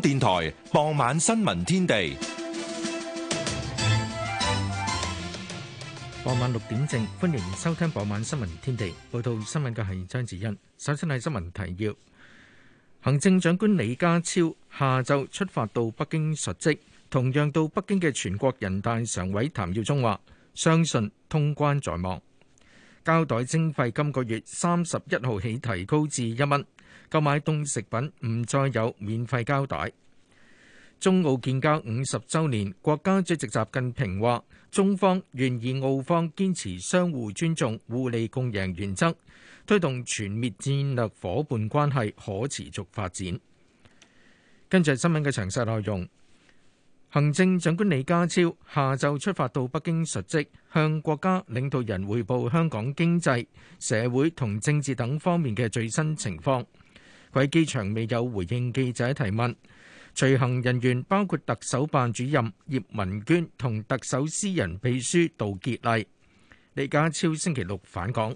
電台傍晚新聞天地，傍晚六點正，歡迎收聽傍晚新聞天地。報道新聞嘅係張子欣。首先係新聞提要：行政長官李家超下晝出發到北京述職。同樣到北京嘅全國人大常委譚耀宗話：相信通關在望。膠袋徵費今個月三十一號起提高至一蚊。購買凍食品唔再有免費膠袋。中澳建交五十週年，國家主席習近平話：中方願意澳方堅持相互尊重、互利共贏原則，推動全面戰略夥伴關係可持續發展。跟住新聞嘅詳細內容。行政長官李家超下晝出發到北京述職，向國家領導人匯報香港經濟、社會同政治等方面嘅最新情況。喺機場未有回應記者提問。隨行人員包括特首辦主任葉文娟同特首私人秘書杜傑麗。李家超星期六返港。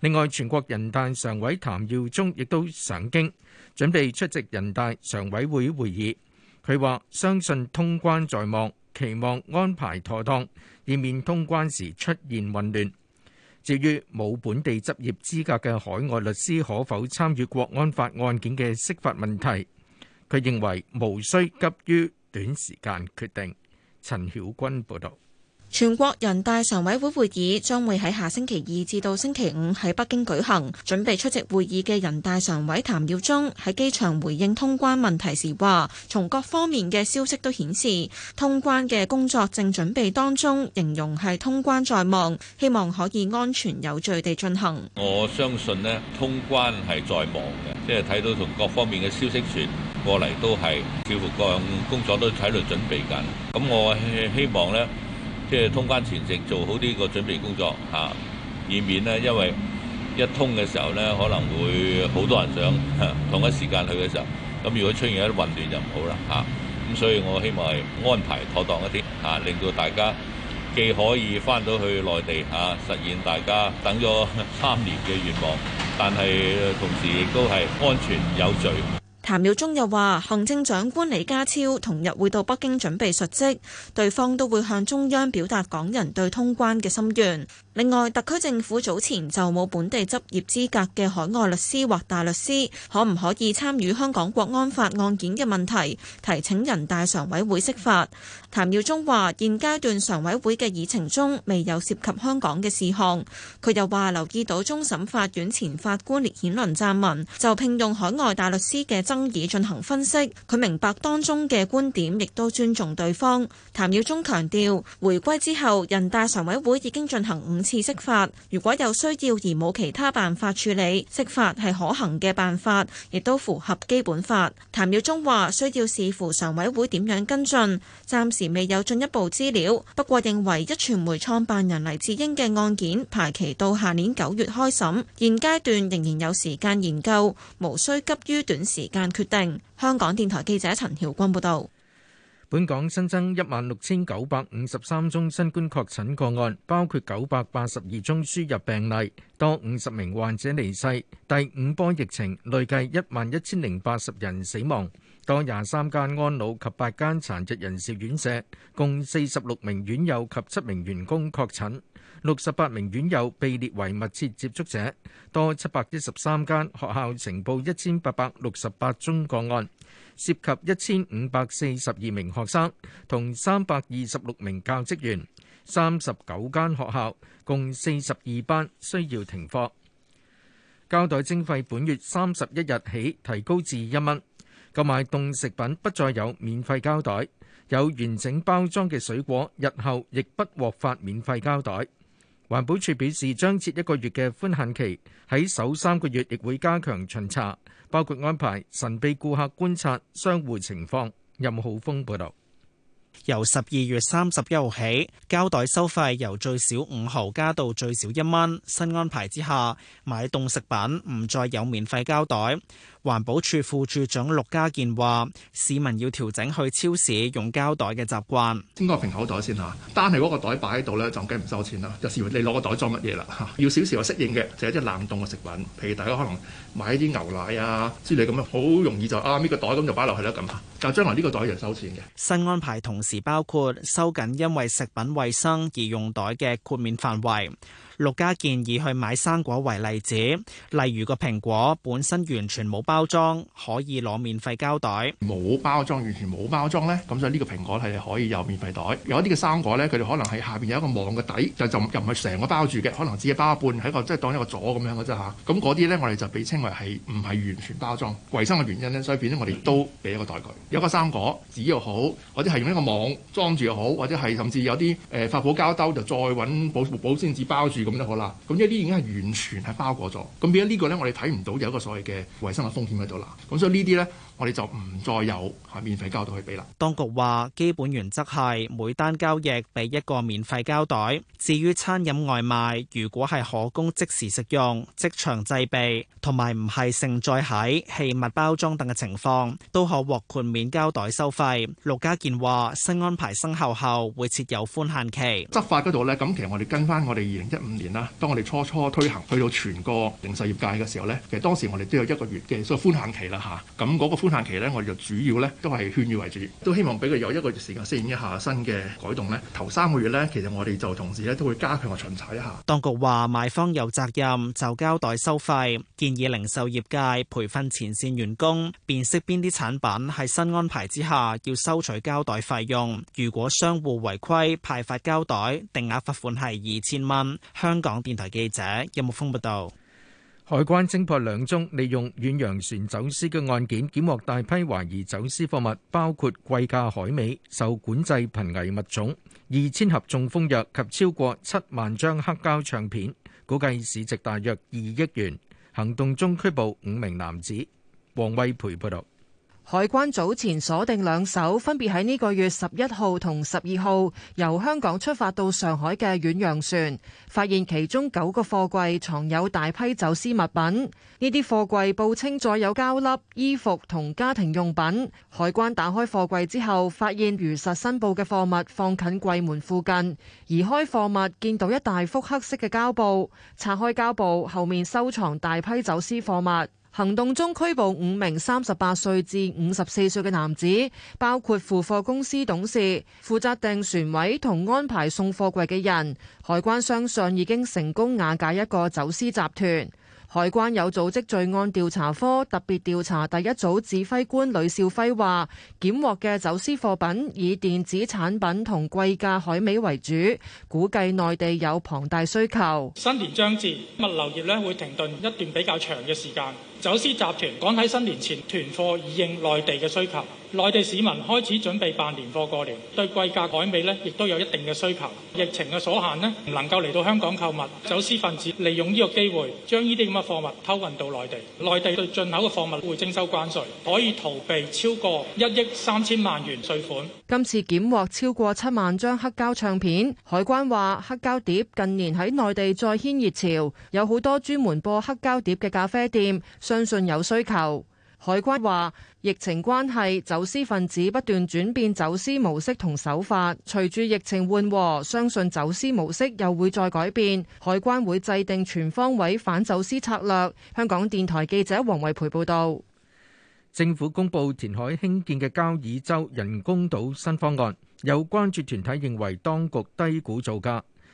另外，全國人大常委譚耀宗亦都上京，準備出席人大常委會會議。佢話：相信通關在望，期望安排妥當，以免通關時出現混亂。至於冇本地執業資格嘅海外律師可否參與國安法案件嘅釋法問題，佢認為無需急於短時間決定。陳曉君報道。全國人大常委會會議將會喺下星期二至到星期五喺北京舉行。準備出席會議嘅人大常委譚耀宗喺機場回應通關問題時話，從各方面嘅消息都顯示通關嘅工作正準備當中，形容係通關在望，希望可以安全有序地進行。我相信咧，通關係在望嘅，即係睇到同各方面嘅消息傳過嚟都係似乎各樣工作都喺度準備緊。咁我希望咧。即係通關前程做好呢個準備工作嚇，以免呢，因為一通嘅時候呢，可能會好多人想同一時間去嘅時候，咁如果出現一啲混亂就唔好啦嚇。咁所以我希望係安排妥當一啲嚇，令到大家既可以返到去內地嚇，實現大家等咗三年嘅願望，但係同時亦都係安全有序。譚耀宗又話，行政長官李家超同日會到北京準備述職，對方都會向中央表達港人對通關嘅心願。另外，特區政府早前就冇本地執業資格嘅海外律師或大律師可唔可以參與香港國安法案件嘅問題提請人大常委會釋法。譚耀宗話，現階段常委會嘅議程中，未有涉及香港嘅事項，佢又話留意到終審法院前法官列顯倫撰文，就聘用海外大律師嘅爭議進行分析。佢明白當中嘅觀點亦都尊重對方。譚耀宗強調，回歸之後人大常委會已經進行五。次釋法，如果有需要而冇其他辦法處理，釋法係可行嘅辦法，亦都符合基本法。譚耀宗話，需要視乎常委會點樣跟進，暫時未有進一步資料。不過認為一傳媒創辦人黎智英嘅案件排期到下年九月開審，現階段仍然有時間研究，無需急於短時間決定。香港電台記者陳曉君報道。本港新增一萬六千九百五十三宗新冠確診個案，包括九百八十二宗輸入病例，多五十名患者離世。第五波疫情累計一萬一千零八十人死亡，多廿三間安老及八間殘疾人士院舍，共四十六名院友及七名員工確診，六十八名院友被列為密切接觸者，多七百一十三間學校呈報一千八百六十八宗個案。涉及一千五百四十二名學生同三百二十六名教職員，三十九間學校，共四十二班需要停課。膠袋徵費本月三十一日起提高至一蚊，購買凍食品不再有免費膠袋，有完整包裝嘅水果，日後亦不獲發免費膠袋。環保署表示將設一個月嘅寬限期，喺首三個月亦會加強巡查。包括安排神秘顧客觀察商戶情況。任浩峰報導，由十二月三十一號起，膠袋收費由最少五毫加到最少一蚊。新安排之下，買凍食品唔再有免費膠袋。環保署副署長陸家健話：市民要調整去超市用膠袋嘅習慣，應該平口袋先吓，單係嗰個袋擺喺度咧，就梗唔收錢啦。有時你攞個袋裝乜嘢啦，吓，要少少適應嘅，就係啲冷凍嘅食品，譬如大家可能買一啲牛奶啊，之類咁樣，好容易就啊，呢個袋咁就擺落去啦，咁但係將來呢個袋一樣收錢嘅。新安排同時包括收緊因為食品衛生而用袋嘅豁免範圍。陸家建議去買生果為例子，例如個蘋果本身完全冇包裝，可以攞免費膠袋。冇包裝，完全冇包裝咧，咁所以呢個蘋果係可以有免費袋。有一啲嘅生果咧，佢哋可能係下面有一個網嘅底，就就又唔係成個包住嘅，可能只係包一半喺個即係、就是、當一個咗咁樣嘅啫吓。咁嗰啲咧，我哋就被稱為係唔係完全包裝，衞生嘅原因咧，所以變咗我哋都俾一個袋佢。有一個生果紙又好，或者係用一個網裝住又好，或者係甚至有啲誒發泡膠兜就再揾保鮮紙先至包住，咁就好啦。咁即係呢啲，已經係完全係包裹咗。咁變咗呢個咧，我哋睇唔到有一個所謂嘅衛生嘅風險喺度啦。咁所以呢啲咧。我哋就唔再有免費膠袋去俾啦。當局話基本原則係每單交易俾一個免費膠袋。至於餐飲外賣，如果係可供即時食用、即場製備，同埋唔係盛載喺器物包裝等嘅情況，都可獲豁免膠袋收費。陸家健話新安排生效後會設有寬限期。執法嗰度呢，咁其實我哋跟翻我哋二零一五年啦，當我哋初初推行去到全個零售業界嘅時候呢，其實當時我哋都有一個月嘅，所以寬限期啦嚇。咁嗰個寬限期咧，我哋就主要咧都係勸喻為主，都希望俾佢有一個月時間適應一下新嘅改動。呢頭三個月呢，其實我哋就同時咧都會加強個巡查一下。當局話賣方有責任就膠袋收費，建議零售業界培訓前線員工辨識邊啲產品係新安排之下要收取膠袋費用。如果商戶違規派發膠袋，定額罰款係二千蚊。香港電台記者任木風報道。海關偵破兩宗利用遠洋船走私嘅案件，檢獲大批懷疑走私貨物，包括貴價海味、受管制瀕危物種、二千盒中風藥及超過七萬張黑膠唱片，估計市值大約二億元。行動中拘捕五名男子。王蔚培報道。海關早前鎖定兩艘分別喺呢個月十一號同十二號由香港出發到上海嘅遠洋船，發現其中九個貨櫃藏有大批走私物品。呢啲貨櫃報稱載有膠粒、衣服同家庭用品。海關打開貨櫃之後，發現如實申報嘅貨物放近櫃門附近，移開貨物，見到一大幅黑色嘅膠布，拆開膠布後面收藏大批走私貨物。行動中拘捕五名三十八歲至五十四歲嘅男子，包括付貨公司董事、負責訂船位同安排送貨櫃嘅人。海關相信已經成功瓦解一個走私集團。海關有組織罪案調查科特別調查第一組指揮官呂少輝話，檢獲嘅走私貨品以電子產品同貴價海味為主，估計內地有龐大需求。新年將至，物流業呢會停頓一段比較長嘅時間。走私集團趕喺新年前囤貨以應內地嘅需求，內地市民開始準備辦年貨過年，對貴價海味呢亦都有一定嘅需求。疫情嘅所限呢，唔能夠嚟到香港購物，走私分子利用呢個機會，將呢啲咁嘅貨物偷運到內地。內地對進口嘅貨物會徵收關稅，可以逃避超過一億三千萬元稅款。今次檢獲超過七萬張黑膠唱片，海關話黑膠碟近年喺內地再掀熱潮，有好多專門播黑膠碟嘅咖啡店。相信有需求。海關話，疫情關係，走私分子不斷轉變走私模式同手法。隨住疫情緩和，相信走私模式又會再改變。海關會制定全方位反走私策略。香港電台記者黃慧培報道。政府公布填海興建嘅交椅洲人工島新方案，有關注團體認為當局低估造價。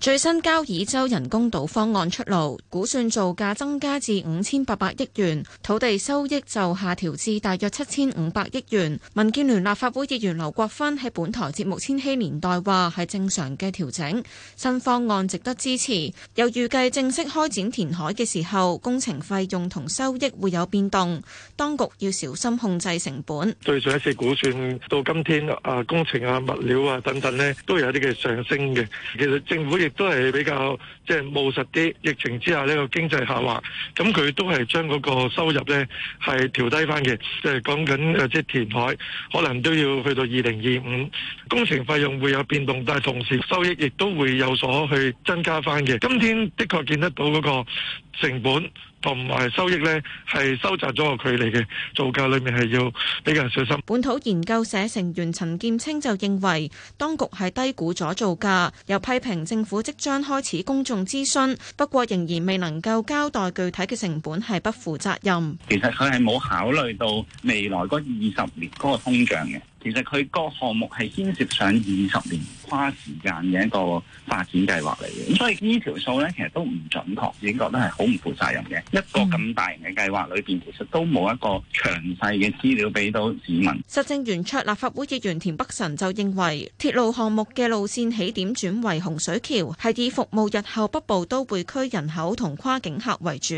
最新交椅洲人工島方案出爐，估算造價增加至五千八百億元，土地收益就下調至大約七千五百億元。民建聯立法會議員劉國芬喺本台節目《千禧年代》話係正常嘅調整，新方案值得支持。又預計正式開展填海嘅時候，工程費用同收益會有變動，當局要小心控制成本。對上一次估算到今天啊，工程啊、物料啊等等咧，都有一啲嘅上升嘅。其實政府亦～都係比較即係務實啲，疫情之下呢個經濟下滑，咁佢都係將嗰個收入呢係調低翻嘅，即係講緊即係填海，可能都要去到二零二五，工程費用會有變動，但係同時收益亦都會有所去增加翻嘅。今天的確見得到嗰個。成本同埋收益呢，係收窄咗個距離嘅，造價裏面係要比較小心。本土研究社成員陳劍青就認為，當局係低估咗造價，又批評政府即將開始公眾諮詢，不過仍然未能夠交代具體嘅成本，係不負責任。其實佢係冇考慮到未來嗰二十年嗰個通脹嘅，其實佢個項目係牽涉上二十年。花時間嘅一個發展計劃嚟嘅，所以呢條數咧，其實都唔準確，已經覺得係好唔負責任嘅。一個咁大型嘅計劃裏邊，其實都冇一個詳細嘅資料俾到市民。實政圓桌立法會議員田北辰就認為，鐵路項目嘅路綫起點轉為洪水橋，係以服務日後北部都會區人口同跨境客為主。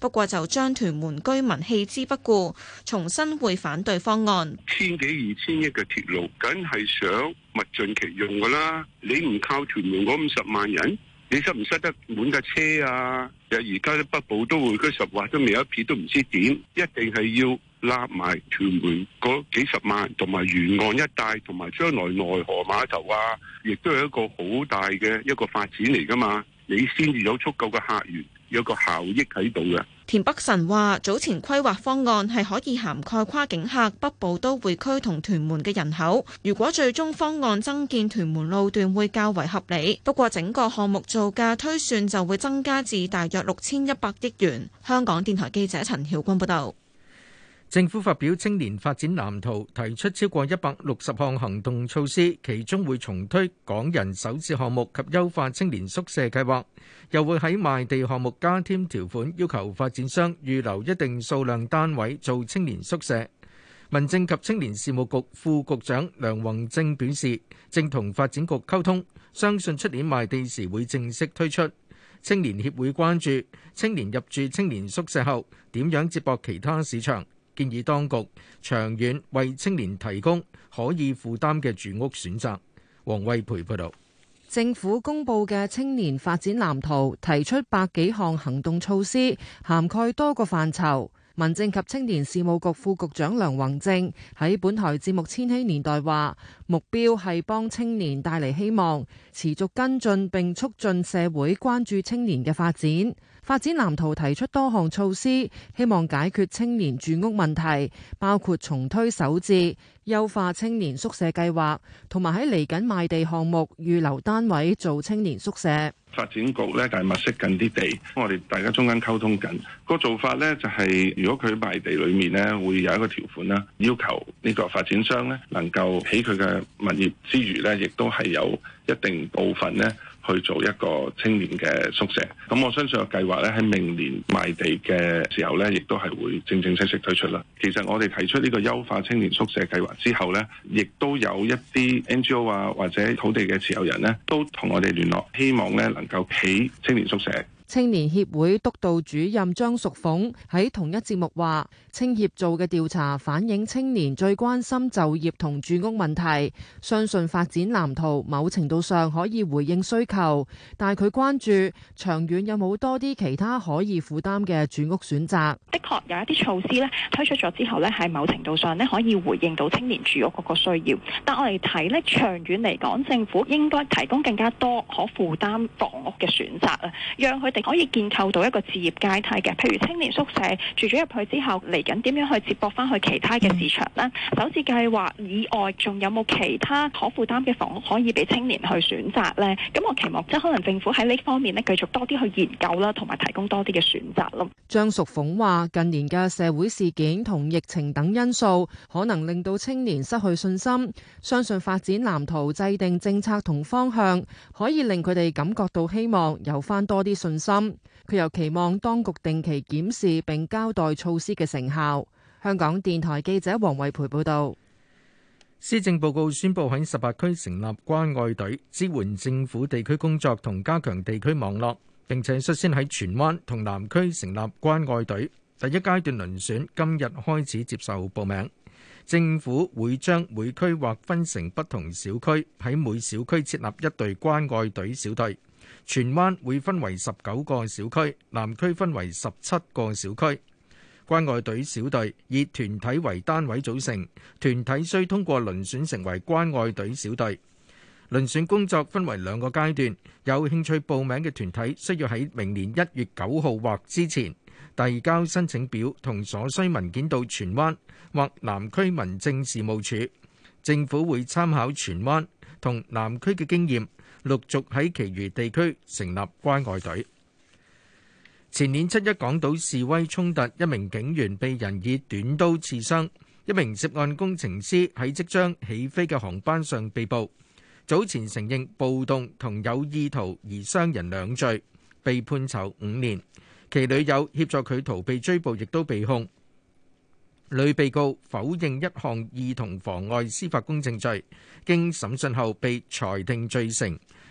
不過就將屯門居民棄之不顧，重新會反對方案。千幾二千億嘅鐵路，梗係想物盡其用噶啦，你唔靠屯門嗰五十萬人，你塞唔塞得滿架車啊？而家啲北部都會區十劃都未有一撇，都唔知點，一定係要拉埋屯門嗰幾十萬，同埋沿岸一帶，同埋將來內河碼頭啊，亦都係一個好大嘅一個發展嚟噶嘛，你先至有足夠嘅客源。有個效益喺度嘅。田北辰話：早前規劃方案係可以涵蓋跨境客、北部都會區同屯門嘅人口。如果最終方案增建屯門路段，會較為合理。不過整個項目造價推算就會增加至大約六千一百億元。香港電台記者陳曉君報道。政府發表青年發展藍圖，提出超過一百六十項行動措施，其中會重推港人首次項目及優化青年宿舍計劃，又會喺賣地項目加添條款，要求發展商預留一定數量單位做青年宿舍。民政及青年事務局副局長梁宏正表示，正同發展局溝通，相信出年賣地時會正式推出。青年協會關注青年入住青年宿舍後點樣接駁其他市場。建議當局長遠為青年提供可以負擔嘅住屋選擇。王威培報道，政府公布嘅青年發展藍圖提出百幾項行動措施，涵蓋多個範疇。民政及青年事務局副局長梁宏正喺本台節目《千禧年代》話，目標係幫青年帶嚟希望，持續跟進並促進社會關注青年嘅發展。發展藍圖提出多項措施，希望解決青年住屋問題，包括重推首置、優化青年宿舍計劃，同埋喺嚟緊賣地項目預留單位做青年宿舍。發展局咧就係物色緊啲地，我哋大家中間溝通緊個做法咧就係、是，如果佢賣地裏面咧會有一個條款啦，要求呢個發展商咧能夠喺佢嘅物業之餘咧，亦都係有一定部分咧。去做一個青年嘅宿舍，咁我相信個計劃咧喺明年賣地嘅時候咧，亦都係會正正式式推出啦。其實我哋提出呢個優化青年宿舍計劃之後咧，亦都有一啲 NGO 啊或者土地嘅持有人咧，都同我哋聯絡，希望咧能夠起青年宿舍。青年協會督導主任張淑鳳喺同一節目話，青協做嘅調查反映青年最關心就業同住屋問題，相信發展藍圖某程度上可以回應需求，但係佢關注長遠有冇多啲其他可以負擔嘅住屋選擇。的確有一啲措施推出咗之後咧，喺某程度上可以回應到青年住屋嗰個需要，但我哋睇咧，長遠嚟講，政府應該提供更加多可負擔房屋嘅選擇啊，讓佢。可以建構到一個置業階梯嘅，譬如青年宿舍住咗入去之後，嚟緊點樣去接駁翻去其他嘅市場呢？首次計劃以外，仲有冇其他可負擔嘅房屋可以俾青年去選擇呢？咁我期望即可能政府喺呢方面呢，繼續多啲去研究啦，同埋提供多啲嘅選擇咯。張淑鳳話：近年嘅社會事件同疫情等因素，可能令到青年失去信心。相信發展藍圖、制定政策同方向，可以令佢哋感覺到希望有，有翻多啲信心。心佢又期望當局定期檢視並交代措施嘅成效。香港電台記者黃慧培報道，施政報告宣布喺十八區成立關愛隊，支援政府地區工作同加強地區網絡。並且率先喺荃灣同南區成立關愛隊，第一階段輪選今日開始接受報名。政府會將每區劃分成不同小區，喺每小區設立一隊關愛隊小隊。荃灣會分為十九個小區，南區分為十七個小區。關愛隊小隊以團體為單位組成，團體需通過遴選成為關愛隊小隊。遴選工作分為兩個階段，有興趣報名嘅團體需要喺明年一月九號或之前遞交申請表同所需文件到荃灣或南區民政事務處。政府會參考荃灣同南區嘅經驗。陸續喺其餘地區成立關愛隊。前年七一港島示威衝突，一名警員被人以短刀刺傷，一名涉案工程師喺即將起飛嘅航班上被捕。早前承認暴動同有意圖而傷人兩罪，被判囚五年。其女友協助佢逃避追捕，亦都被控。女被告否認一項意圖妨礙司法公正罪，經審訊後被裁定罪成。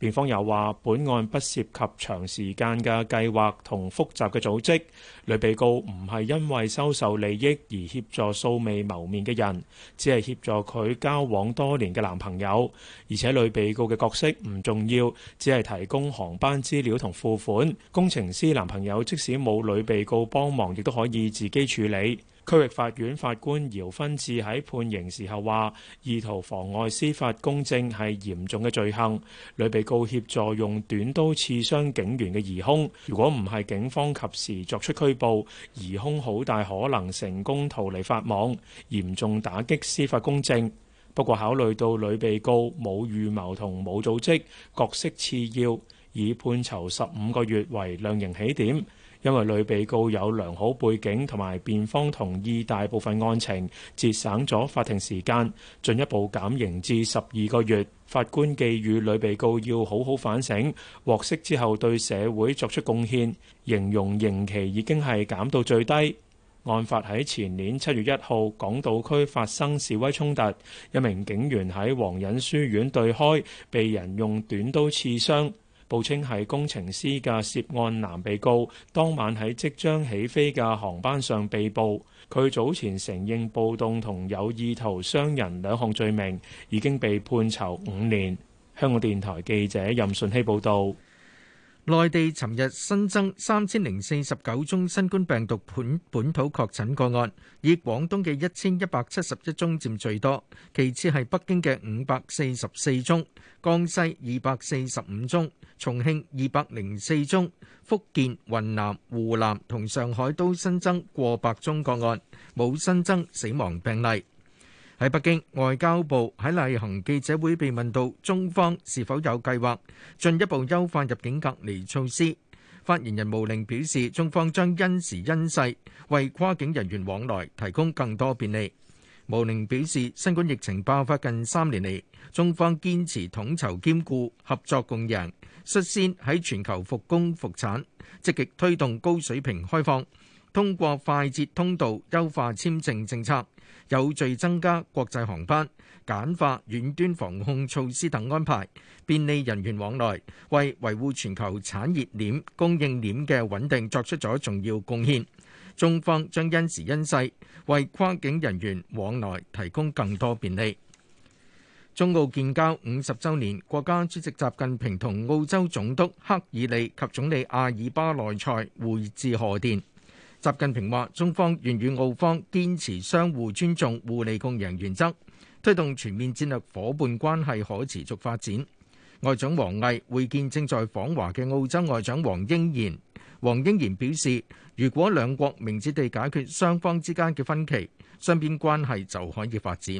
辯方又話：本案不涉及長時間嘅計劃同複雜嘅組織，女被告唔係因為收受利益而協助素未謀面嘅人，只係協助佢交往多年嘅男朋友。而且女被告嘅角色唔重要，只係提供航班資料同付款。工程師男朋友即使冇女被告幫忙，亦都可以自己處理。區域法院法官姚芬智喺判刑時候話：「意圖妨礙司法公正係嚴重嘅罪行。女被告協助用短刀刺傷警員嘅疑兇，如果唔係警方及時作出拘捕，疑兇好大可能成功逃離法網，嚴重打擊司法公正。不過考慮到女被告冇預謀同冇組織，角色次要，以判囚十五個月為量刑起點。因為女被告有良好背景同埋辯方同意大部分案情，節省咗法庭時間，進一步減刑至十二個月。法官寄語女被告要好好反省，獲釋之後對社會作出貢獻，形容刑期已經係減到最低。案發喺前年七月一號，港島區發生示威衝突，一名警員喺皇仁書院對開被人用短刀刺傷。報稱係工程師嘅涉案男被告，當晚喺即將起飛嘅航班上被捕。佢早前承認暴動同有意圖傷人兩項罪名，已經被判囚五年。香港電台記者任信希報道。內地尋日新增三千零四十九宗新冠病毒本土確診個案，以廣東嘅一千一百七十一宗佔最多，其次係北京嘅五百四十四宗，江西二百四十五宗，重慶二百零四宗，福建、雲南、湖南同上海都新增過百宗個案，冇新增死亡病例。喺北京，外交部喺例行記者會被問到中方是否有計劃進一步優化入境隔離措施，發言人毛寧表示，中方將因時因勢為跨境人員往來提供更多便利。毛寧表示，新冠疫情爆發近三年嚟，中方堅持統籌兼顧合作共贏，率先喺全球復工復產，積極推動高水平開放，通過快捷通道優化簽證政策，有序增加國際航班、簡化遠端防控措施等安排，便利人員往來，為維護全球產業鏈、供應鏈嘅穩定作出咗重要貢獻。中方將因時因勢，為跨境人員往來提供更多便利。中澳建交五十週年，國家主席習近平同澳洲總督赫爾利及總理阿爾巴內塞互致賀電。習近平話，中方願與澳方堅持相互尊重、互利共贏原則，推動全面戰略夥伴關係可持續發展。外長王毅會見正在訪華嘅澳洲外長黃英賢。黃英賢表示，如果兩國明智地解決雙方之間嘅分歧，雙邊關係就可以發展。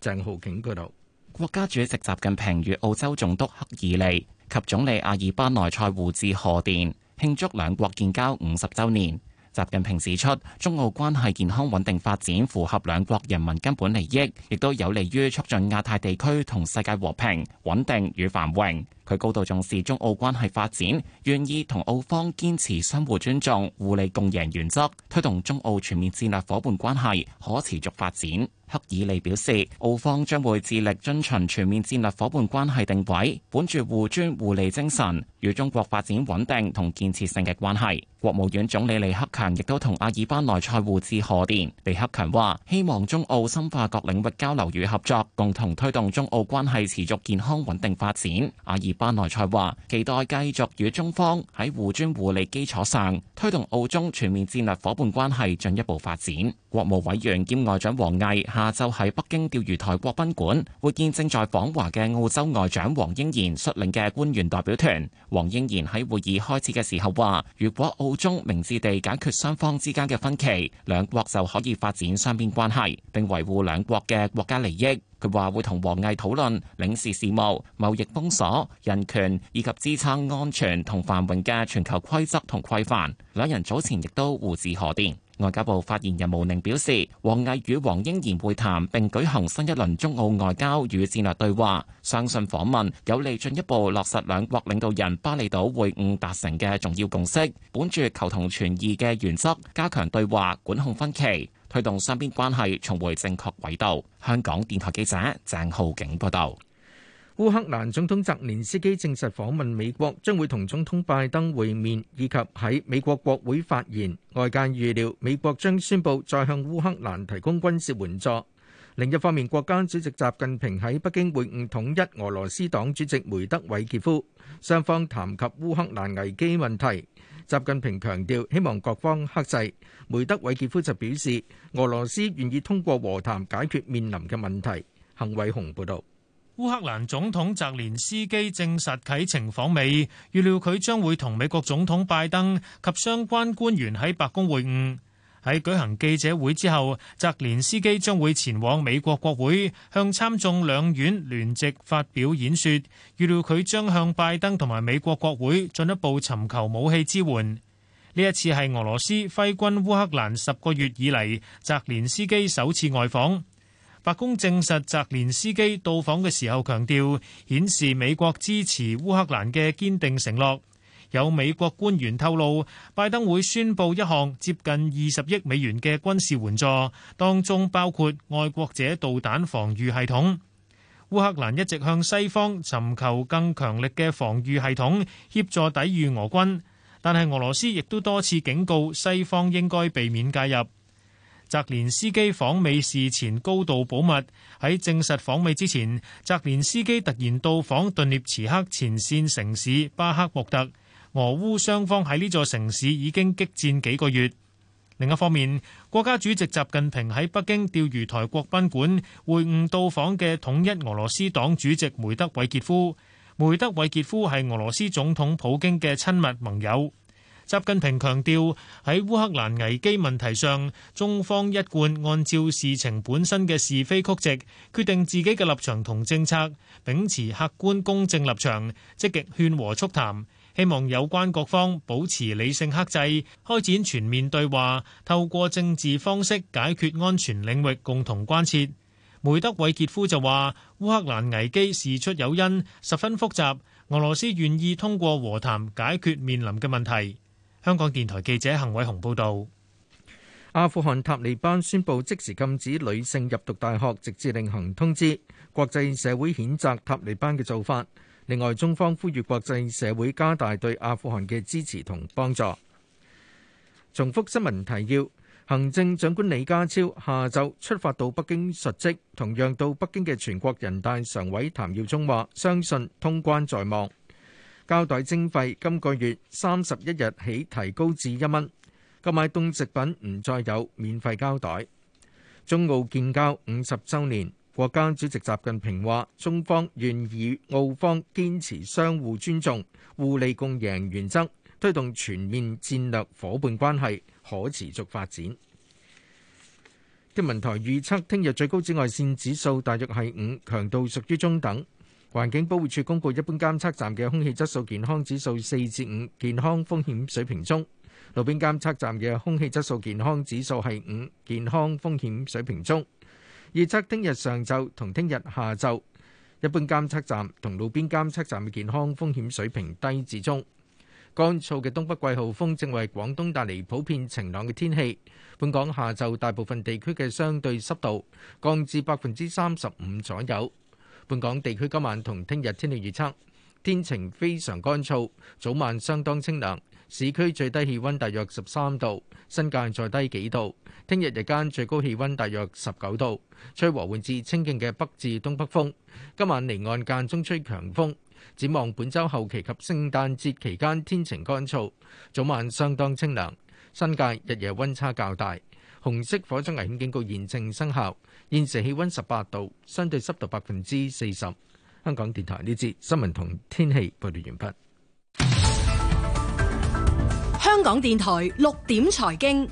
鄭浩景報道。國家主席習近平與澳洲總督克爾利及總理阿爾巴內塞互致賀電，慶祝兩國建交五十周年。習近平指出，中澳關係健康穩定發展，符合兩國人民根本利益，亦都有利於促進亞太地區同世界和平、穩定與繁榮。佢高度重視中澳關係發展，願意同澳方堅持相互尊重、互利共贏原則，推動中澳全面戰略伙伴關係可持續發展。克爾利表示，澳方將會致力遵循全面戰略伙伴關係定位，本住互尊互利精神，與中國發展穩定同建設性嘅關係。國務院總理李克強亦都同阿爾班內塞互致賀電。李克強話：希望中澳深化各領域交流與合作，共同推動中澳關係持續健康穩定發展。阿爾班內賽話：期待繼續與中方喺互尊互利基礎上推動澳中全面戰略伙伴關係進一步發展。國務委員兼外長王毅下晝喺北京釣魚台國賓館會見正在訪華嘅澳洲外長黃英賢率領嘅官員代表團。黃英賢喺會議開始嘅時候話：如果澳中明智地解決雙方之間嘅分歧，兩國就可以發展雙邊關係，並維護兩國嘅國家利益。佢話會同王毅討論領事事務、貿易封鎖、人權以及支撐安全同繁榮嘅全球規則同規範。兩人早前亦都互致賀電。外交部發言人毛寧表示，王毅與黃英賢會談並舉行新一輪中澳外交與戰略對話，相信訪問有利進一步落實兩國領導人巴厘島會晤達成嘅重要共識，本著求同存異嘅原則加強對話，管控分歧。推動三邊關係重回正確軌道。香港電台記者鄭浩景報道。烏克蘭總統澤連斯基證實訪問美國，將會同總統拜登會面，以及喺美國國會發言。外界預料美國將宣布再向烏克蘭提供軍事援助。另一方面，國家主席習近平喺北京會晤統一俄羅斯黨主席梅德韋傑夫，雙方談及烏克蘭危機問題。習近平強調希望各方克制。梅德韋傑夫就表示俄羅斯願意通過和談解決面臨嘅問題。陳偉雄報道。烏克蘭總統澤連斯基證實啟程訪美，預料佢將會同美國總統拜登及相關官員喺白宮會晤。喺舉行記者會之後，澤連斯基將會前往美國國會，向參眾兩院聯席發表演說。預料佢將向拜登同埋美國國會進一步尋求武器支援。呢一次係俄羅斯揮軍烏克蘭十個月以嚟，澤連斯基首次外訪。白宮證實，澤連斯基到訪嘅時候強調，顯示美國支持烏克蘭嘅堅定承諾。有美國官員透露，拜登會宣布一項接近二十億美元嘅軍事援助，當中包括愛國者導彈防禦系統。烏克蘭一直向西方尋求更強力嘅防禦系統協助，抵禦俄軍。但係俄羅斯亦都多次警告西方應該避免介入。澤連斯基訪美事前高度保密，喺正式訪美之前，澤連斯基突然到訪頓涅茨克前線城市巴克穆特。俄烏雙方喺呢座城市已經激戰幾個月。另一方面，國家主席習近平喺北京釣魚台國賓館會晤到訪嘅統一俄羅斯黨主席梅德韋傑夫。梅德韋傑夫係俄羅斯總統普京嘅親密盟友。習近平強調，喺烏克蘭危機問題上，中方一貫按照事情本身嘅是非曲直，決定自己嘅立場同政策，秉持客觀公正立場，積極勸和促談。希望有關各方保持理性克制，開展全面對話，透過政治方式解決安全領域共同關切。梅德韋傑夫就話：烏克蘭危機事出有因，十分複雜，俄羅斯願意通過和談解決面臨嘅問題。香港電台記者幸偉雄報導。阿富汗塔利班宣布即時禁止女性入讀大學，直至另行通知。國際社會譴責塔利班嘅做法。另外，中方呼籲國際社會加大對阿富汗嘅支持同幫助。重複新聞提要：行政長官李家超下晝出發到北京述職，同樣到北京嘅全國人大常委譚耀宗話：相信通關在望。膠袋徵費今個月三十一日起提高至一蚊，購買凍食品唔再有免費膠袋。中澳建交五十週年。國家主席習近平話：中方願與澳方堅持相互尊重、互利共贏原則，推動全面戰略夥伴關係可持續發展。天文台預測，聽日最高紫外線指數大約係五，強度屬於中等。環境保護署公佈一般監測站嘅空氣質素健康指數四至五，健康風險水平中；路邊監測站嘅空氣質素健康指數係五，健康風險水平中。預測聽日上晝同聽日下晝，一般監測站同路邊監測站嘅健康風險水平低至中。乾燥嘅東北季候風正為廣東帶嚟普遍晴朗嘅天氣，本港下晝大部分地區嘅相對濕度降至百分之三十五左右。本港地區今晚同聽日天氣預測。天晴非常乾燥，早晚相當清涼，市區最低氣温大約十三度，新界再低幾度。聽日日間最高氣温大約十九度，吹和緩至清勁嘅北至東北風。今晚離岸間中吹強風。展望本週後期及聖誕節期間天晴乾燥，早晚相當清涼，新界日夜温差較大。紅色火災危險警告現正生效。現時氣温十八度，相對濕度百分之四十。香港電台呢節新聞同天氣報道完畢。香港電台六點財經，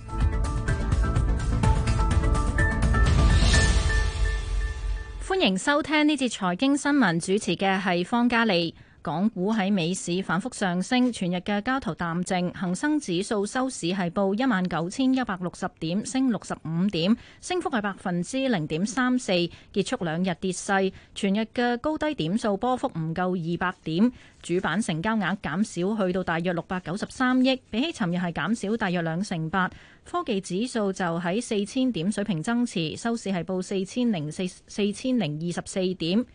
歡迎收聽呢節財經新聞，主持嘅係方嘉莉。港股喺美市反覆上升，全日嘅交投淡靜，恆生指數收市係報一萬九千一百六十點，升六十五點，升幅係百分之零點三四，結束兩日跌勢。全日嘅高低點數波幅唔夠二百點，主板成交額減少去到大約六百九十三億，比起尋日係減少大約兩成八。科技指數就喺四千點水平增持，收市係報四千零四四千零二十四點。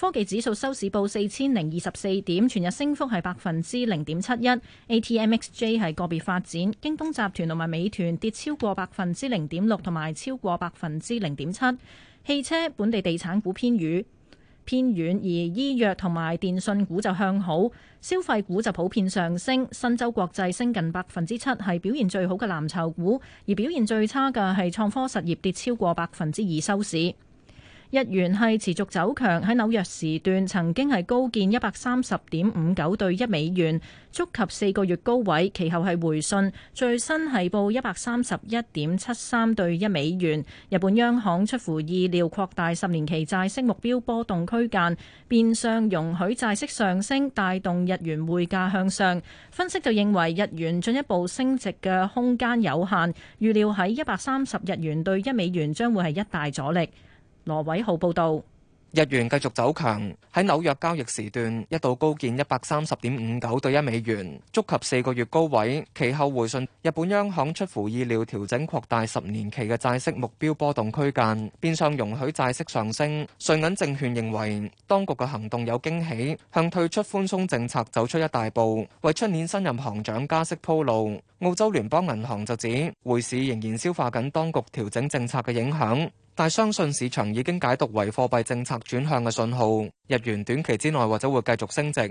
科技指數收市報四千零二十四點，全日升幅係百分之零點七一。ATMXJ 係個別發展，京東集團同埋美團跌超過百分之零點六，同埋超過百分之零點七。汽車、本地地產股偏軟，偏軟，而醫藥同埋電訊股就向好，消費股就普遍上升。新洲國際升近百分之七，係表現最好嘅藍籌股，而表現最差嘅係創科實業跌超過百分之二收市。日元係持續走強，喺紐約時段曾經係高見一百三十點五九對一美元，觸及四個月高位。其後係回信，最新係報一百三十一點七三對一美元。日本央行出乎意料擴大十年期債息目標波動區間，變相容許債息上升，帶動日元匯價向上。分析就認為日元進一步升值嘅空間有限，預料喺一百三十日元對一美元將會係一大阻力。羅偉浩報道：日元繼續走強，喺紐約交易時段一度高見一百三十點五九兌一美元，觸及四個月高位。其後回順，日本央行出乎意料調整擴大十年期嘅債息目標波動區間，變相容許債息上升。瑞銀證券認為，當局嘅行動有驚喜，向退出寬鬆政策走出一大步，為出年新任行長加息鋪路。澳洲聯邦銀行就指，匯市仍然消化緊當局調整政策嘅影響。但相信市場已經解讀為貨幣政策轉向嘅信號，日元短期之內或者會繼續升值。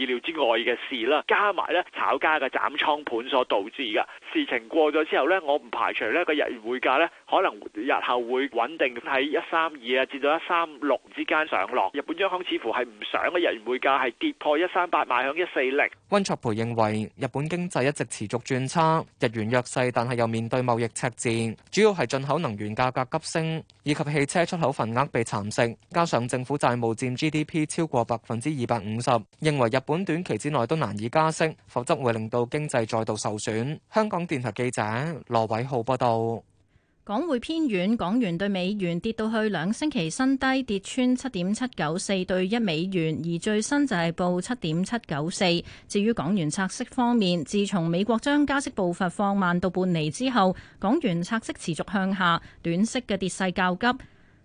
意料之外嘅事啦，加埋咧炒家嘅斬倉盤所導致嘅事情過咗之後咧，我唔排除咧個日元匯價咧。可能日後會穩定喺一三二啊，至到一三六之間上落。日本央行似乎係唔想嘅日元匯價係跌破一三八邁向一四零。温卓培認為日本經濟一直持續轉差，日元弱勢，但係又面對貿易赤字，主要係進口能源價格急升，以及汽車出口份額被蠶食，加上政府債務佔 GDP 超過百分之二百五十，認為日本短期之內都難以加息，否則會令到經濟再度受損。香港電台記者羅偉浩報道。港匯偏軟，港元對美元跌到去兩星期新低，跌穿七點七九四對一美元，而最新就係報七點七九四。至於港元拆息方面，自從美國將加息步伐放慢到半厘之後，港元拆息持續向下，短息嘅跌勢較急。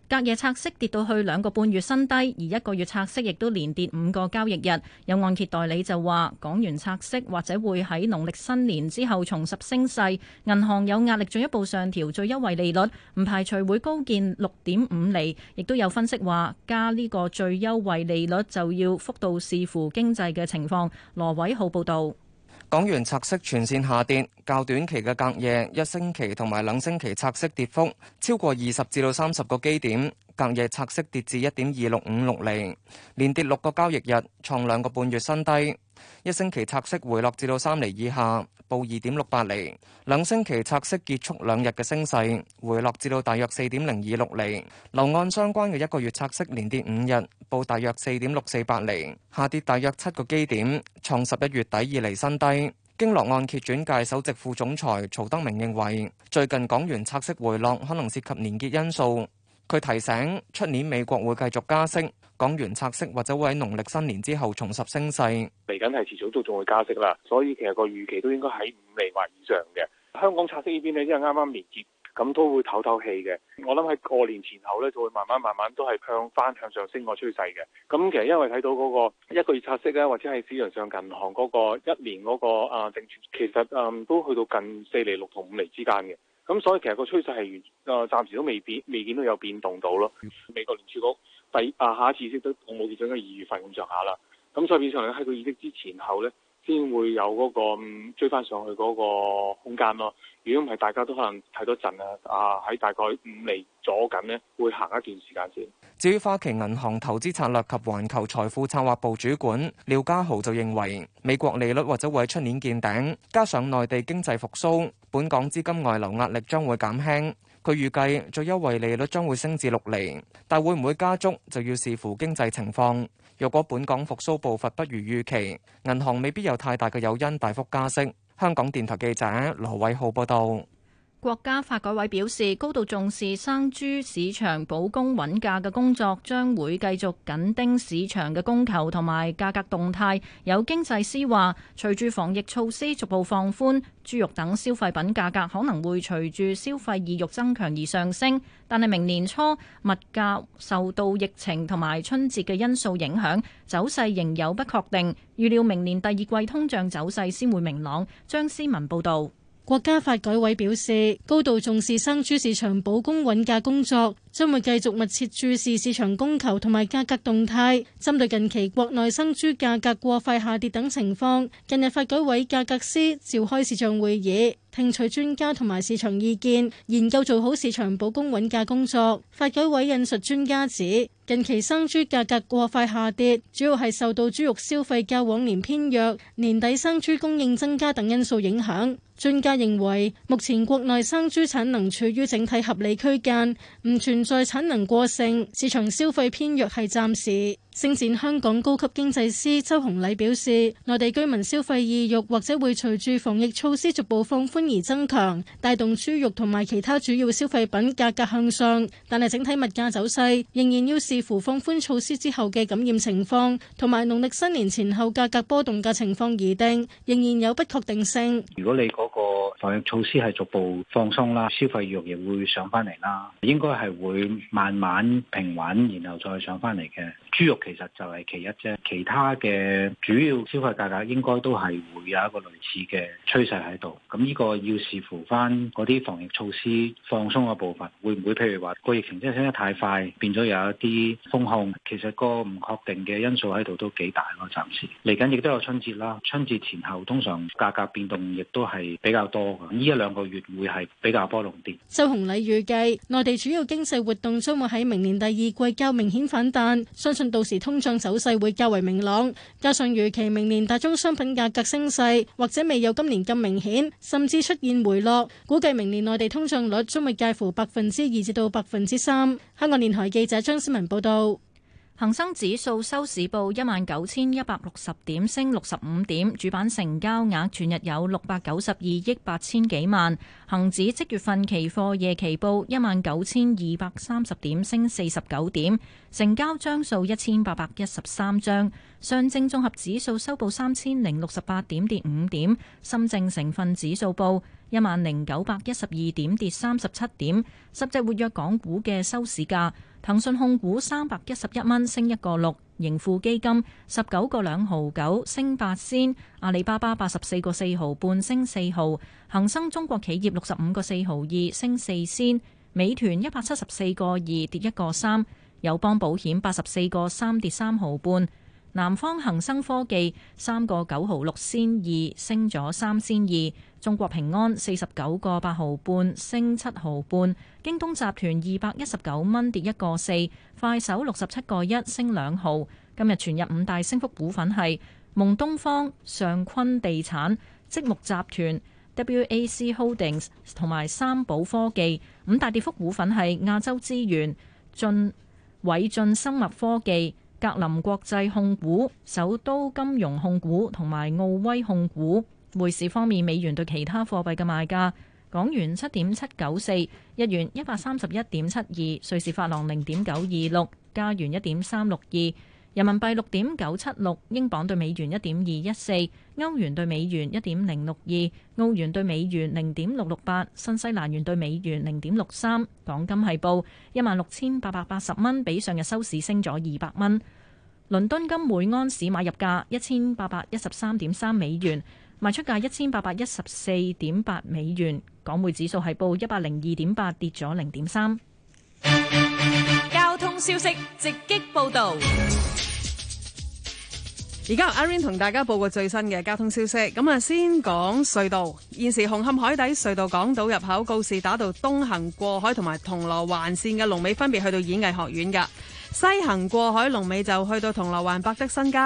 隔夜拆息跌到去兩個半月新低，而一個月拆息亦都連跌五個交易日。有按揭代理就話，港元拆息或者會喺農曆新年之後重拾升勢。銀行有壓力進一步上調最優惠利率，唔排除會高見六點五厘。亦都有分析話，加呢個最優惠利率就要幅度視乎經濟嘅情況。羅偉浩報導。港元拆息全線下跌，較短期嘅隔夜、一星期同埋兩星期拆息跌幅超過二十至到三十個基點，隔夜拆息跌至一點二六五六零，連跌六個交易日，創兩個半月新低。一星期拆息回落至到三厘以下，報二點六八厘。兩星期拆息結束兩日嘅升勢，回落至到大約四點零二六厘。樓按相關嘅一個月拆息連跌五日，報大約四點六四八厘，下跌大約七個基點，創十一月底以嚟新低。經絡按揭轉介首席副總裁曹德明認為，最近港元拆息回落可能涉及年結因素。佢提醒，出年美國會繼續加息，港元拆息或者會喺農曆新年之後重拾升勢。嚟緊係遲早都仲會加息啦，所以其實個預期都應該喺五厘或以上嘅。香港拆息呢邊呢，因為啱啱連結，咁都會唞唞氣嘅。我諗喺過年前後咧，就會慢慢慢慢都係向翻向上升個趨勢嘅。咁其實因為睇到嗰個一個月拆息咧，或者係市場上銀行嗰個一年嗰、個啊，定存、呃、其實啊、呃、都去到近四厘六同五厘之間嘅。咁所以其實個趨勢係完全，啊、呃、暫時都未變，未見到有變動到咯、嗯。美國聯儲局第啊下一次議息都我冇記準應該二月份咁上下啦。咁所以變相嚟講喺佢議息之前後咧，先會有嗰個追翻上去嗰個空間咯。如果唔係，大家都可能睇多陣啊！啊，喺大概五厘左近呢，會行一段時間先。至於花旗銀行投資策略及環球財富策劃部主管廖家豪就認為，美國利率或者會喺出年見頂，加上內地經濟復甦，本港資金外流壓力將會減輕。佢預計最優惠利率將會升至六厘，但會唔會加速就要視乎經濟情況。若果本港復甦步伐不如預期，銀行未必有太大嘅誘因大幅加息。香港電台記者羅偉浩報道。國家發改委表示，高度重視生豬市場保供穩價嘅工作，將會繼續緊盯市場嘅供求同埋價格動態。有經濟師話，隨住防疫措施逐步放寬，豬肉等消費品價格可能會隨住消費意欲增強而上升。但係明年初物價受到疫情同埋春節嘅因素影響，走勢仍有不確定。預料明年第二季通脹走勢先會明朗。張思文報道。國家發改委表示，高度重視生豬市場保供穩價工作。將會繼續密切注視市場供求同埋價格動態，針對近期國內生豬價格過快下跌等情況，近日發改委價格司召開市場會議，聽取專家同埋市場意見，研究做好市場保供穩價工作。發改委引述專家指，近期生豬價格過快下跌，主要係受到豬肉消費較往年偏弱、年底生豬供應增加等因素影響。專家認為，目前國內生豬產能處於整體合理區間，唔存在產能過剩，市場消費偏弱係暫時。星展香港高級經濟師周洪禮表示，內地居民消費意欲或者會隨住防疫措施逐步放寬而增強，帶動豬肉同埋其他主要消費品價格向上。但係整體物價走勢仍然要視乎放寬措施之後嘅感染情況同埋農曆新年前後價格波動嘅情況而定，仍然有不確定性。如果你嗰個防疫措施係逐步放鬆啦，消費意欲亦會上返嚟啦，應該係會慢慢平穩，然後再上返嚟嘅。豬肉其實就係其一啫，其他嘅主要消費價格應該都係會有一個類似嘅趨勢喺度。咁呢個要視乎翻嗰啲防疫措施放鬆嘅部分，會唔會譬如話個疫情真係升得太快，變咗有一啲封控，其實個唔確定嘅因素喺度都幾大咯。暫時嚟緊亦都有春節啦，春節前後通常價格變動亦都係比較多㗎。呢一兩個月會係比較波動啲。周紅禮預計內地主要經濟活動將會喺明年第二季較明顯反彈，相信。到時通脹走勢會較為明朗，加上預期明年大宗商品價格升勢，或者未有今年咁明顯，甚至出現回落，估計明年內地通脹率將會介乎百分之二至到百分之三。香港電台記者張思文報導。恒生指數收市報一萬九千一百六十點，升六十五點，主板成交額全日有六百九十二億八千幾萬。恒指即月份期貨夜期報一萬九千二百三十點，升四十九點，成交張數一千八百一十三張。上證綜合指數收報三千零六十八點，跌五點。深證成分指數報一萬零九百一十二點跌三十七點，十隻活躍港股嘅收市價：騰訊控股三百一十一蚊升一個六，盈富基金十九個兩毫九升八仙，阿里巴巴八十四個四毫半升四毫，恒生中國企業六十五個四毫二升四仙，美團一百七十四個二跌一個三，友邦保險八十四個三跌三毫半，南方恒生科技三個九毫六仙二升咗三仙二。中國平安四十九個八毫半升七毫半，京東集團二百一十九蚊跌一個四，快手六十七個一升兩毫。今日全日五大升幅股份係夢東方、上坤地產、積木集團、WAC Holdings 同埋三寶科技。五大跌幅股份係亞洲資源、進偉進生物科技、格林國際控股、首都金融控股同埋奧威控股。匯市方面，美元對其他貨幣嘅賣價：港元七點七九四，日元一百三十一點七二，瑞士法郎零點九二六，加元一點三六二，人民幣六點九七六，英鎊對美元一點二一四，歐元對美元一點零六二，澳元對美元零點六六八，新西蘭元對美元零點六三。港金係報一萬六千八百八十蚊，比上日收市升咗二百蚊。倫敦金每安士買入價一千八百一十三點三美元。賣出價一千八百一十四點八美元，港匯指數係報一百零二點八，跌咗零點三。交通消息直擊報道，而家由 Irene 同大家報告最新嘅交通消息。咁啊，先講隧道，現時紅磡海底隧道港島入口告士打道東行過海，同埋銅鑼灣綫嘅龍尾分別去到演藝學院噶。西行過海龍尾就去到銅鑼灣百德新街，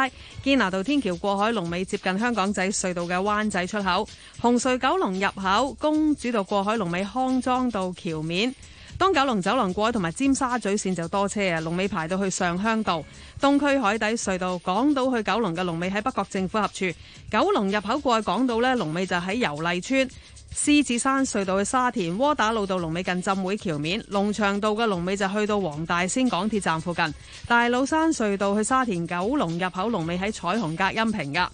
堅拿道天橋過海龍尾接近香港仔隧道嘅灣仔出口，紅隧九龍入口，公主道過海龍尾康莊道橋面。當九龍走廊過去同埋尖沙咀線就多車啊，龍尾排到去上鄉道、東區海底隧道、港島去九龍嘅龍尾喺北角政府合處；九龍入口過去港島呢龍尾就喺油麗村、獅子山隧道去沙田窩打老道龍尾近浸會橋面、龍翔道嘅龍尾就去到黃大仙港鐵站附近、大老山隧道去沙田九龍入口龍尾喺彩虹隔音屏噶。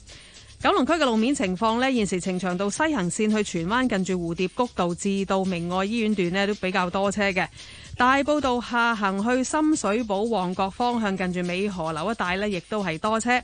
九龍區嘅路面情況呢，現時呈祥道西行線去荃灣，近住蝴蝶谷道至到明愛醫院段呢，都比較多車嘅。大埔道下行去深水埗旺角方向，近住美荷樓一帶呢，亦都係多車。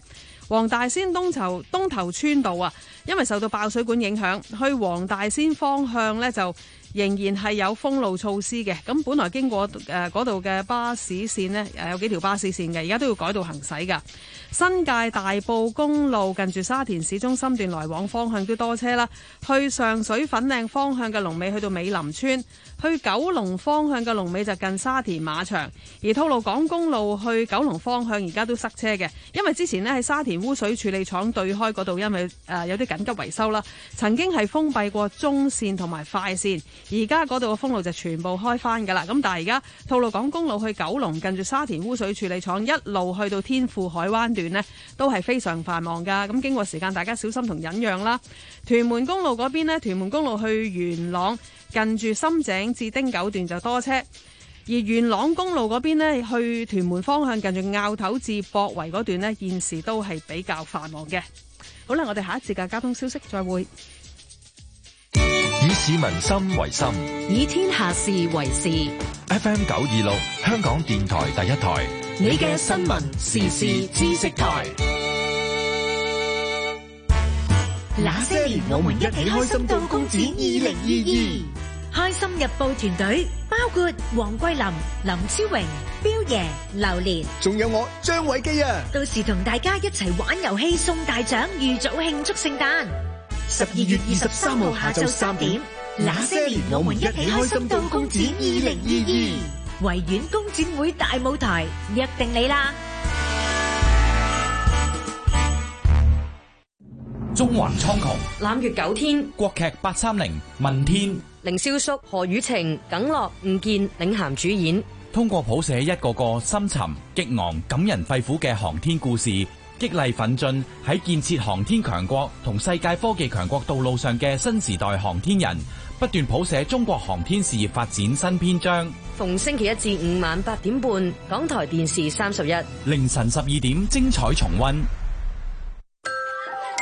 黃大仙東頭，東頭村道啊，因為受到爆水管影響，去黃大仙方向呢，就，仍然係有封路措施嘅，咁本來經過誒嗰度嘅巴士線呢，有幾條巴士線嘅，而家都要改道行駛噶。新界大埔公路近住沙田市中心段來往方向都多車啦，去上水粉嶺方向嘅龍尾去到美林村，去九龍方向嘅龍尾就近沙田馬場，而吐露港公路去九龍方向而家都塞車嘅，因為之前咧喺沙田污水處理廠對開嗰度，因為、呃、有啲緊急維修啦，曾經係封閉過中線同埋快線。而家嗰度嘅封路就全部開返噶啦，咁但係而家吐露港公路去九龍近住沙田污水處理廠一路去到天富海灣段呢，都係非常繁忙噶。咁經過時間，大家小心同忍讓啦。屯門公路嗰邊呢，屯門公路去元朗近住深井至丁九段就多車，而元朗公路嗰邊呢，去屯門方向近住坳頭至博圍嗰段呢，現時都係比較繁忙嘅。好啦，我哋下一節嘅交通消息再會。以市民心為心，以天下事為事。FM 九二六，香港電台第一台，你嘅新聞時事知識台。那些年，我們一起開心到公子二零二二，開心日報團隊包括黃桂林、林超榮、彪爺、榴蓮，仲有我張偉基啊！到時同大家一齊玩遊戲送大獎，預早慶祝聖誕。十二月二十三號下晝三點，那些年我們一起開心到公展二零二二，維園公展會大舞台，約定你啦！中環蒼穹攬月九天，國劇八三零問天，凌瀟肅、何雨晴、耿樂、吳健領銜主演。通過譜寫一個個深沉、激昂、感人肺腑嘅航天故事。激勵奮進喺建設航天強國同世界科技強國道路上嘅新時代航天人，不斷譜寫中國航天事業發展新篇章。逢星期一至五晚八點半，港台電視三十一，凌晨十二點，精彩重温。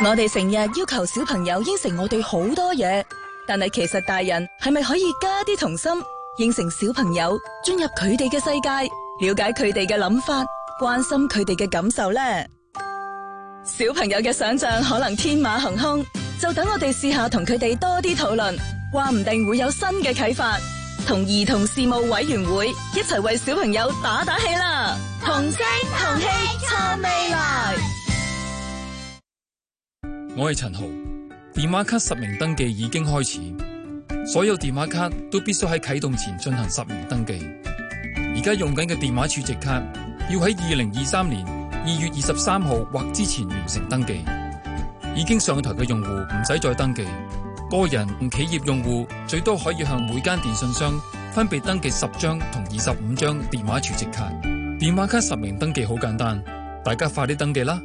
我哋成日要求小朋友應承我哋好多嘢，但係其實大人係咪可以加啲童心，應承小朋友進入佢哋嘅世界，了解佢哋嘅諗法，關心佢哋嘅感受呢？小朋友嘅想象可能天馬行空，就等我哋試下同佢哋多啲討論，話唔定會有新嘅啟發。同兒童事務委員會一齊為小朋友打打氣啦！同聲同氣撐未來。我係陳豪，電話卡實名登記已經開始，所有電話卡都必須喺啟動前進行實名登記。而家用緊嘅電話儲值卡要喺二零二三年，二月二十三號或之前完成登記，已經上台嘅用戶唔使再登記。個人同企業用戶最多可以向每間電信商分別登記十張同二十五張電話儲值卡。電話卡實名登記好簡單，大家快啲登記啦！